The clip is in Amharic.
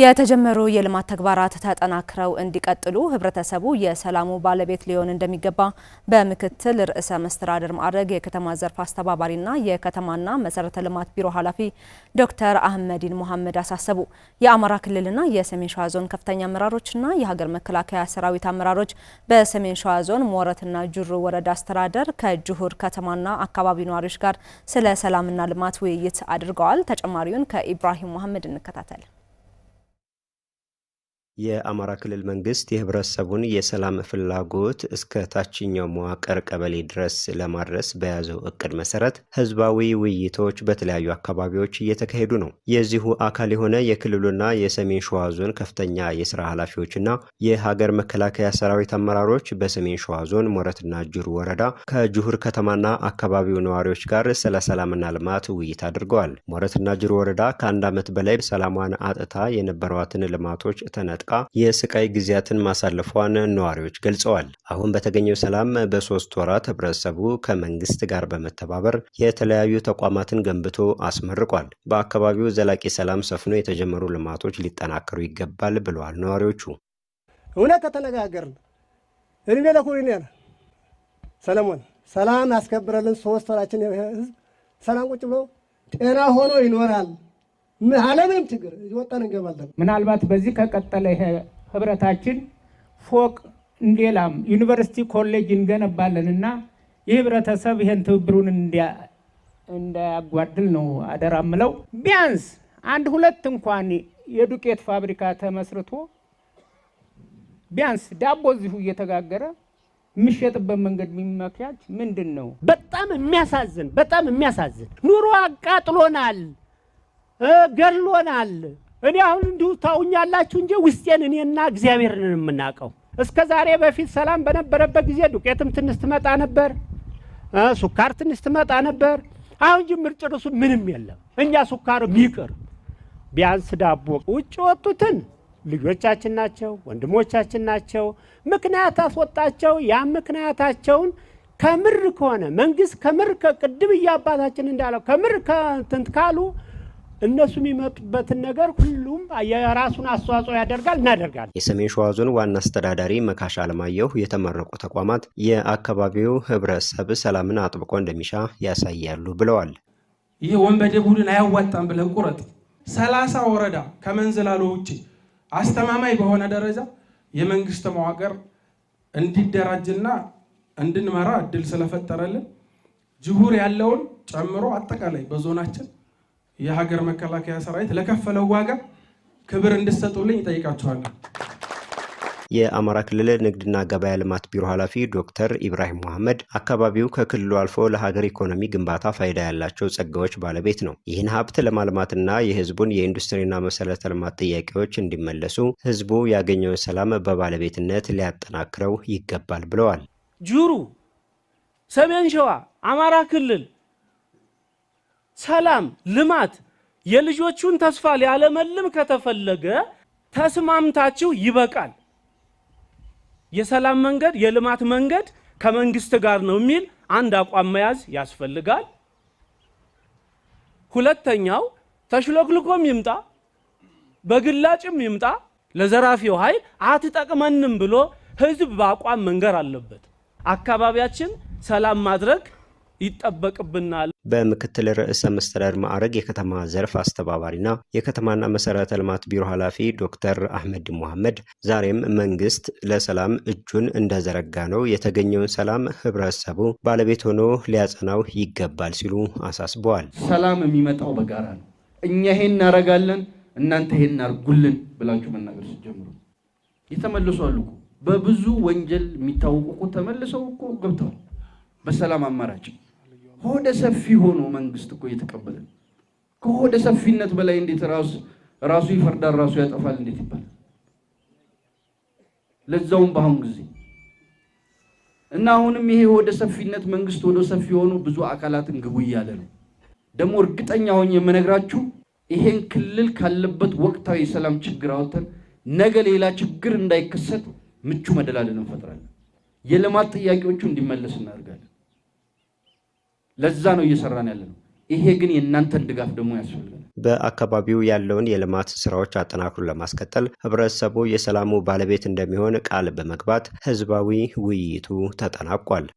የተጀመሩ የልማት ተግባራት ተጠናክረው እንዲቀጥሉ ህብረተሰቡ የሰላሙ ባለቤት ሊሆን እንደሚገባ በምክትል ርዕሰ መስተዳድር ማዕረግ የከተማ ዘርፍ አስተባባሪና የከተማና መሰረተ ልማት ቢሮ ኃላፊ ዶክተር አህመዲን ሙሐመድ አሳሰቡ። የአማራ ክልልና የሰሜን ሸዋ ዞን ከፍተኛ አመራሮችና የሀገር መከላከያ ሰራዊት አመራሮች በሰሜን ሸዋ ዞን ሞረትና ጅሩ ወረዳ አስተዳደር ከጅሁር ከተማና አካባቢ ነዋሪዎች ጋር ስለ ሰላምና ልማት ውይይት አድርገዋል። ተጨማሪውን ከኢብራሂም መሐመድ እንከታተል። የአማራ ክልል መንግስት የህብረተሰቡን የሰላም ፍላጎት እስከ ታችኛው መዋቅር ቀበሌ ድረስ ለማድረስ በያዘው እቅድ መሰረት ህዝባዊ ውይይቶች በተለያዩ አካባቢዎች እየተካሄዱ ነው። የዚሁ አካል የሆነ የክልሉና የሰሜን ሸዋ ዞን ከፍተኛ የስራ ኃላፊዎችና የሀገር መከላከያ ሰራዊት አመራሮች በሰሜን ሸዋ ዞን ሞረትና ጅሩ ወረዳ ከጅሁር ከተማና አካባቢው ነዋሪዎች ጋር ስለ ሰላምና ልማት ውይይት አድርገዋል። ሞረትና ጅሩ ወረዳ ከአንድ ዓመት በላይ ሰላሟን አጥታ የነበሯትን ልማቶች ተነጥ ተነጥቃ የስቃይ ጊዜያትን ማሳለፏን ነዋሪዎች ገልጸዋል። አሁን በተገኘው ሰላም በሶስት ወራት ህብረተሰቡ ከመንግስት ጋር በመተባበር የተለያዩ ተቋማትን ገንብቶ አስመርቋል። በአካባቢው ዘላቂ ሰላም ሰፍኖ የተጀመሩ ልማቶች ሊጠናከሩ ይገባል ብለዋል ነዋሪዎቹ። እውነት ከተነጋገርን እድሜ ለኮሎኔል ሰለሞን ሰላም ያስከብረልን። ሶስት ወራችን ህዝብ ሰላም ቁጭ ብሎ ጤና ሆኖ ይኖራል። አለምንም ችግር ወጣን እንገባለን። ምናልባት በዚህ ከቀጠለ ህብረታችን ፎቅ እንዴላም ዩኒቨርሲቲ ኮሌጅ እንገነባለን እና የህብረተሰብ ይህን ትብብሩን እንዳያጓድል ነው አደራ ምለው። ቢያንስ አንድ ሁለት እንኳን የዱቄት ፋብሪካ ተመስርቶ ቢያንስ ዳቦ እዚሁ እየተጋገረ የሚሸጥበት መንገድ የሚመክያች ምንድን ነው? በጣም የሚያሳዝን በጣም የሚያሳዝን ኑሮ አቃጥሎናል። ገሎናል እኔ አሁን እንዲሁ ታውኛላችሁ እንጂ ውስጤን እኔና እግዚአብሔርን የምናውቀው እስከ ዛሬ በፊት ሰላም በነበረበት ጊዜ ዱቄትም ትንሽ ትመጣ ነበር፣ ሱካር ትንሽ ትመጣ ነበር። አሁን ጅምር ጭርሱ ምንም የለም። እኛ ሱካርም ይቅር ቢያንስ ዳቦ ውጭ ወጡትን ልጆቻችን ናቸው፣ ወንድሞቻችን ናቸው። ምክንያት አስወጣቸው። ያ ምክንያታቸውን ከምር ከሆነ መንግስት ከምር ከቅድም እያባታችን እንዳለው ከምር ከትንት ካሉ እነሱ የሚመጡበትን ነገር ሁሉም የራሱን አስተዋጽኦ ያደርጋል እናደርጋለን። የሰሜን ሸዋ ዞን ዋና አስተዳዳሪ መካሻ አለማየሁ የተመረቁ ተቋማት የአካባቢው ህብረተሰብ ሰላምን አጥብቆ እንደሚሻ ያሳያሉ ብለዋል። ይህ ወንበዴ ቡድን አያዋጣም ብለን ቁረጥ ሰላሳ ወረዳ ከመንዝላሎ ውጭ አስተማማኝ በሆነ ደረጃ የመንግስት መዋቅር እንዲደራጅና እንድንመራ እድል ስለፈጠረልን ጅሁር ያለውን ጨምሮ አጠቃላይ በዞናችን የሀገር መከላከያ ሰራዊት ለከፈለው ዋጋ ክብር እንድሰጡልኝ ይጠይቃቸዋለሁ። የአማራ ክልል ንግድና ገበያ ልማት ቢሮ ኃላፊ ዶክተር ኢብራሂም መሐመድ አካባቢው ከክልሉ አልፎ ለሀገር ኢኮኖሚ ግንባታ ፋይዳ ያላቸው ጸጋዎች ባለቤት ነው። ይህን ሀብት ለማልማትና የህዝቡን የኢንዱስትሪና መሰረተ ልማት ጥያቄዎች እንዲመለሱ ህዝቡ ያገኘውን ሰላም በባለቤትነት ሊያጠናክረው ይገባል ብለዋል። ጁሩ፣ ሰሜን ሸዋ፣ አማራ ክልል ሰላም፣ ልማት የልጆቹን ተስፋ ሊያለመልም ከተፈለገ ተስማምታችሁ ይበቃል፣ የሰላም መንገድ የልማት መንገድ ከመንግስት ጋር ነው የሚል አንድ አቋም መያዝ ያስፈልጋል። ሁለተኛው ተሽሎክልኮም ይምጣ በግላጭም ይምጣ ለዘራፊው ኃይል አትጠቅመንም ብሎ ህዝብ በአቋም መንገር አለበት። አካባቢያችን ሰላም ማድረግ ይጠበቅብናል። በምክትል ርዕሰ መስተዳድር ማዕረግ የከተማ ዘርፍ አስተባባሪና የከተማና መሰረተ ልማት ቢሮ ኃላፊ ዶክተር አህመድ መሐመድ ዛሬም መንግስት ለሰላም እጁን እንደዘረጋ ነው፣ የተገኘውን ሰላም ህብረተሰቡ ባለቤት ሆኖ ሊያጸናው ይገባል ሲሉ አሳስበዋል። ሰላም የሚመጣው በጋራ ነው። እኛ ይሄን እናረጋለን፣ እናንተ ይሄን እናርጉልን ብላችሁ መናገር ስትጀምሩ የተመለሱ አሉ። በብዙ ወንጀል የሚታወቁ ተመልሰው እኮ ገብተዋል በሰላም አማራጭ ሆደ ሰፊ ሆኖ መንግስት እኮ እየተቀበለ ከሆደ ሰፊነት በላይ እንዴት ራሱ ራሱ ይፈርዳል፣ ራሱ ያጠፋል እንዴት ይባላል? ለዛውም በአሁኑ ጊዜ እና አሁንም ይሄ ሆደ ሰፊነት መንግስት ሆደ ሰፊ ሆኖ ብዙ አካላትን ግቡ እያለ ነው። ደግሞ እርግጠኛ ሆኜ የምነግራችሁ ይሄን ክልል ካለበት ወቅታዊ የሰላም ችግር አውጥተን ነገ ሌላ ችግር እንዳይከሰት ምቹ መደላደል እንፈጥራለን። የልማት ጥያቄዎቹ እንዲመለስ እናደርጋለን። ለዛ ነው እየሰራን ያለ ነው። ይሄ ግን የእናንተን ድጋፍ ደግሞ ያስፈልጋል። በአካባቢው ያለውን የልማት ስራዎች አጠናክሮ ለማስቀጠል ህብረተሰቡ የሰላሙ ባለቤት እንደሚሆን ቃል በመግባት ህዝባዊ ውይይቱ ተጠናቋል።